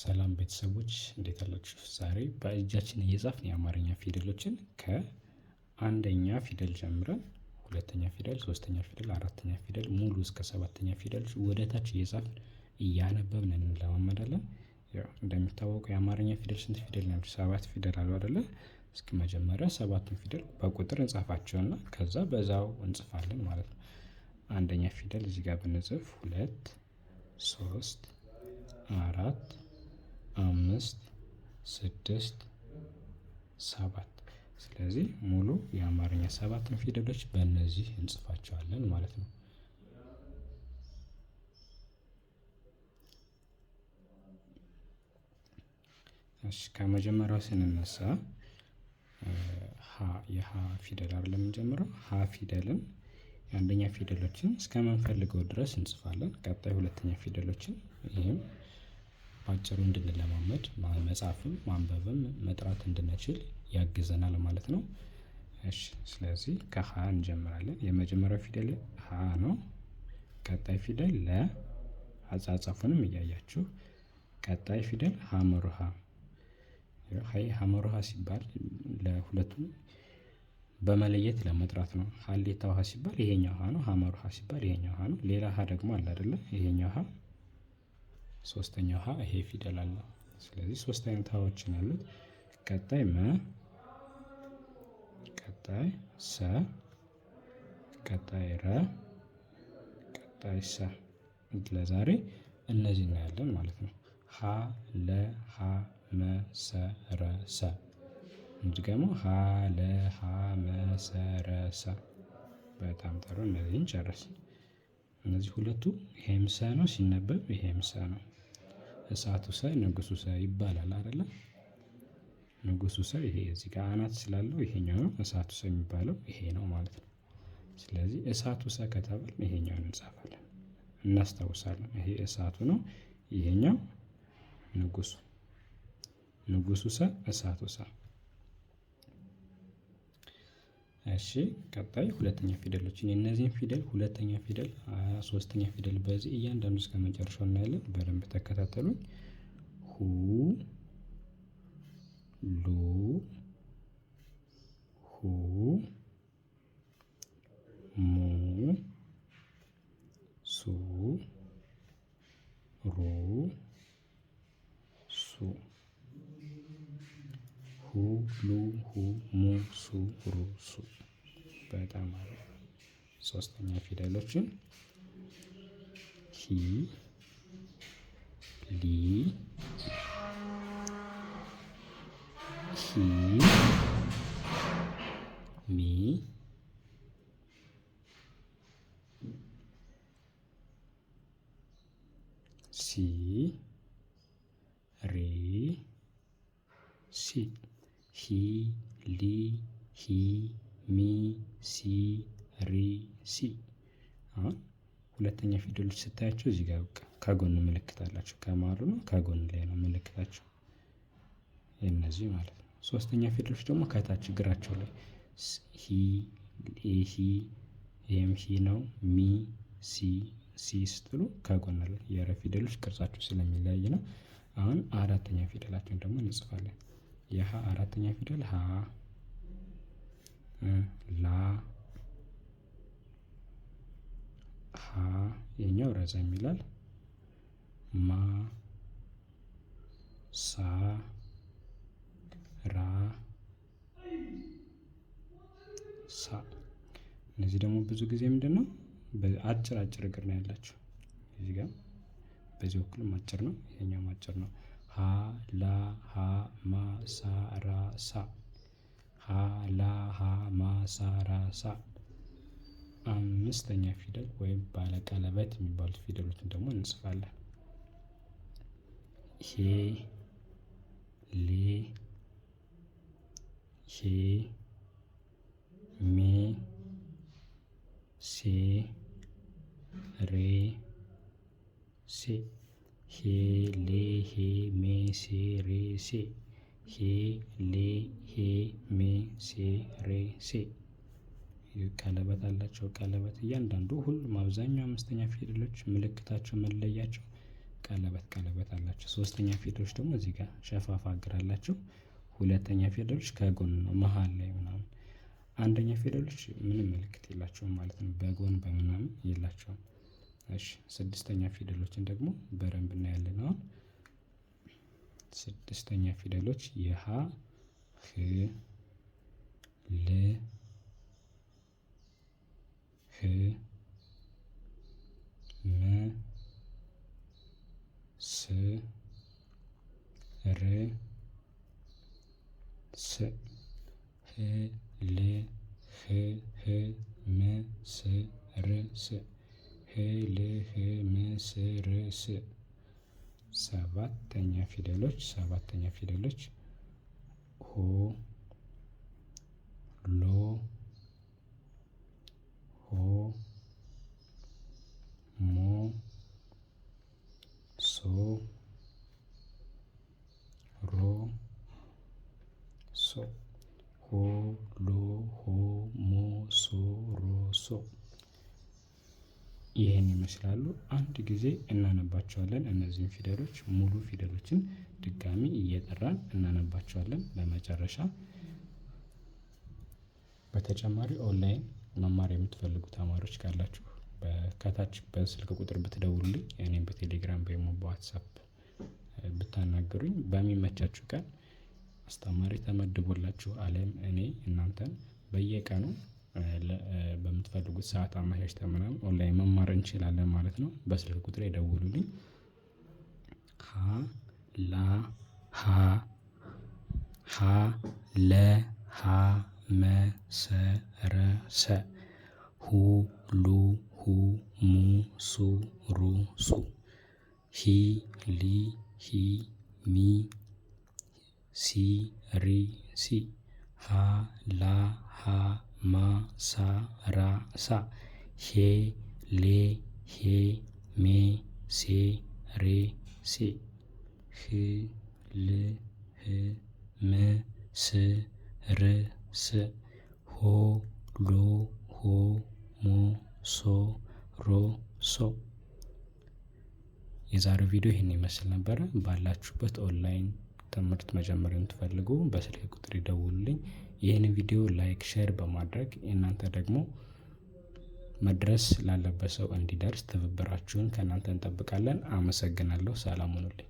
ሰላም ቤተሰቦች እንዴት አላችሁ? ዛሬ በእጃችን እየጻፍን የአማርኛ ፊደሎችን ከአንደኛ ፊደል ጀምረን ሁለተኛ ፊደል፣ ሶስተኛ ፊደል፣ አራተኛ ፊደል ሙሉ እስከ ሰባተኛ ፊደሎች ወደ ታች እየጻፍን እያነበብን እንለማመዳለን። እንደሚታወቀው የአማርኛ ፊደል ስንት ፊደል ነው? ሰባት ፊደል አሉ አይደለ? እስኪ መጀመሪያ ሰባቱን ፊደል በቁጥር እንጻፋቸውና ከዛ በዛው እንጽፋለን ማለት ነው። አንደኛ ፊደል እዚህ ጋር ብንጽፍ ሁለት፣ ሶስት፣ አራት፣ አምስት፣ ስድስት፣ ሰባት። ስለዚህ ሙሉ የአማርኛ ሰባትን ፊደሎች በእነዚህ እንጽፋቸዋለን ማለት ነው። ከመጀመሪያው ስንነሳ ሀ የሀ ፊደል አይደለም የምንጀምረው ሀ ፊደልን የአንደኛ ፊደሎችን እስከምንፈልገው ድረስ እንጽፋለን። ቀጣይ ሁለተኛ ፊደሎችን ይህም በአጭሩ እንድንለማመድ መጻፍም ማንበብም መጥራት እንድንችል ያግዘናል ማለት ነው። እሺ ስለዚህ ከሀ እንጀምራለን። የመጀመሪያው ፊደል ሀ ነው። ቀጣይ ፊደል ለ፣ አጻጻፉንም እያያችሁ ቀጣይ ፊደል ሀመሩሃ ሀ ሀመር ውሃ ሲባል ለሁለቱም በመለየት ለመጥራት ነው። ሀሌታ ውሃ ሲባል ይሄኛው ውሃ ነው። ሀመር ውሃ ሲባል ይሄኛው ውሃ ነው። ሌላ ውሃ ደግሞ አለ አይደለ? ይሄኛው ውሃ ሶስተኛ ውሃ ይሄ ፊደል አለ። ስለዚህ ሶስት አይነት ውሃዎችን ያሉት ቀጣይ መ፣ ቀጣይ ሰ፣ ቀጣይ ረ፣ ቀጣይ ሰ። ለዛሬ እነዚህ እናያለን ማለት ነው። ሀ ለ ሀ መሰረሰ ደግሞ ሀ ለ መሰረሰ በጣም ጥሩ እነዚህን ጨረስ እነዚህ ሁለቱ ይሄም ሰ ነው ሲነበብ ይሄም ሰ ነው። እሳቱ ሰ ንጉሱ ሰ ይባላል አይደለ? ንጉሱ ሰ ይሄ እዚህ ጋር አናት ስላለው ይሄኛው ነው። እሳቱ ሰ የሚባለው ይሄ ነው ማለት ነው። ስለዚህ እሳቱ ሰ ከተባል ይሄኛውን እንጻፋለን እናስታውሳለን። ይሄ እሳቱ ነው። ይሄኛው ንጉሱ እሳቱ እሳቱሰ። እሺ ቀጣይ ሁለተኛ ፊደሎችን የእነዚህን ፊደል ሁለተኛ ፊደል ሶስተኛ ፊደል በዚህ እያንዳንዱ እስከ መጨረሻው እናያለን። በደንብ ተከታተሉኝ። ሁ ሉ ሁ ሩሱ በጣም አሪፍ። ሶስተኛ ፊደሎችን ሂ፣ ሊ፣ ሂ፣ ሚ፣ ሲ፣ ሪ፣ ሲ ሂ ሊ ሂ ሚ ሲ ሪ ሲ። አሁን ሁለተኛ ፊደሎች ስታያቸው እዚህ ጋር ከጎን ምልክት አላቸው። ከማሉ ነው ከጎን ላይ ነው ምልክታቸው እነዚህ ማለት ነው። ሶስተኛ ፊደሎች ደግሞ ከታች እግራቸው ላይ ሂ ሂ ይህም ሂ ነው። ሚ ሲ ሲ ስትሉ ከጎን ላይ የረ ፊደሎች ቅርጻቸው ስለሚለያይ ነው። አሁን አራተኛ ፊደላቸውን ደግሞ እንጽፋለን። የሀ አራተኛ ፊደል ሀ ላ ሀ የኛው ረዘም ይላል። ማ ሳ ራ ሳ እነዚህ ደግሞ ብዙ ጊዜ ምንድን ነው አጭር አጭር እግር ነው ያላቸው። እዚህ ጋር በዚህ በኩልም አጭር ነው፣ ይሄኛውም አጭር ነው። ሀ ላ ሀ ማ ሳ ራ ሳ አላሃማሳራሳ አምስተኛ ፊደል ወይም ባለቀለበት የሚባሉት ፊደሎችን ደግሞ እንጽፋለን። ሄ ሌ ሄ ሜ ሴ ሬ ሴ ሄ ሌ ሄ ሜ ሴ ሬ ሴ ሄ ሌ ሄ ሲ ሬ ሴ ቀለበት አላቸው። ቀለበት እያንዳንዱ ሁሉም አብዛኛው አምስተኛ ፊደሎች ምልክታቸው መለያቸው ቀለበት ቀለበት አላቸው። ሶስተኛ ፊደሎች ደግሞ እዚህ ጋር ሸፋፋ እግር አላቸው። ሁለተኛ ፊደሎች ከጎን ነው መሀል ላይ ምናምን። አንደኛ ፊደሎች ምንም ምልክት የላቸውም ማለት ነው፣ በጎን በምናምን የላቸውም። እሺ ስድስተኛ ፊደሎችን ደግሞ በደንብ እናያለን። አሁን ስድስተኛ ፊደሎች የሀ ህ ል ህ ም ስ ር ስ ህ ል ህ ህ ም ስ ር ስ ህ ል ህ ም ስ ር ስ ሰባተኛ ፊደሎች ሰባተኛ ፊደሎች ሆ ሎ ሆ ሞ ሶ ሮ ሶ ይህን ይመስላሉ። አንድ ጊዜ እናነባቸዋለን። እነዚህን ፊደሎች ሙሉ ፊደሎችን ድጋሚ እየጠራን እናነባቸዋለን። ለመጨረሻ በተጨማሪ ኦንላይን መማር የምትፈልጉ ተማሪዎች ካላችሁ ከታች በስልክ ቁጥር ብትደውሉልኝ እኔም በቴሌግራም ወይም በዋትሳፕ ብታናገሩኝ በሚመቻችሁ ቀን አስተማሪ ተመድቦላችሁ አለም እኔ እናንተን በየቀኑ በምትፈልጉት ሰዓት አመቻችተን ምናምን ኦንላይን መማር እንችላለን ማለት ነው። በስልክ ቁጥር ደውሉልኝ። ሀ ላ ሀ ሀ ለ ሀ መ ሰ ረ ሰ ሁ ሉ ሁ ሙ ሱ ሩ ሱ ሂ ሲ ሪ ሲ ሃ ላ ሃ ማ ሳ ራ ሳ ሄ ሌ ሄ ሜ ሴ ሬ ሴ ህ ል ህ ም ስ ር ስ ሆ ሎ ሆ ሞ ሶ ሮ ሶ የዛሬው ቪዲዮ ይህን ይመስል ነበረ። ባላችሁበት ኦንላይን ትምህርት መጀመር የምትፈልጉ በስልክ ቁጥር ይደውሉልኝ። ይህን ቪዲዮ ላይክ ሼር በማድረግ እናንተ ደግሞ መድረስ ላለበት ሰው እንዲደርስ ትብብራችሁን ከእናንተ እንጠብቃለን። አመሰግናለሁ። ሰላም ሁኑልኝ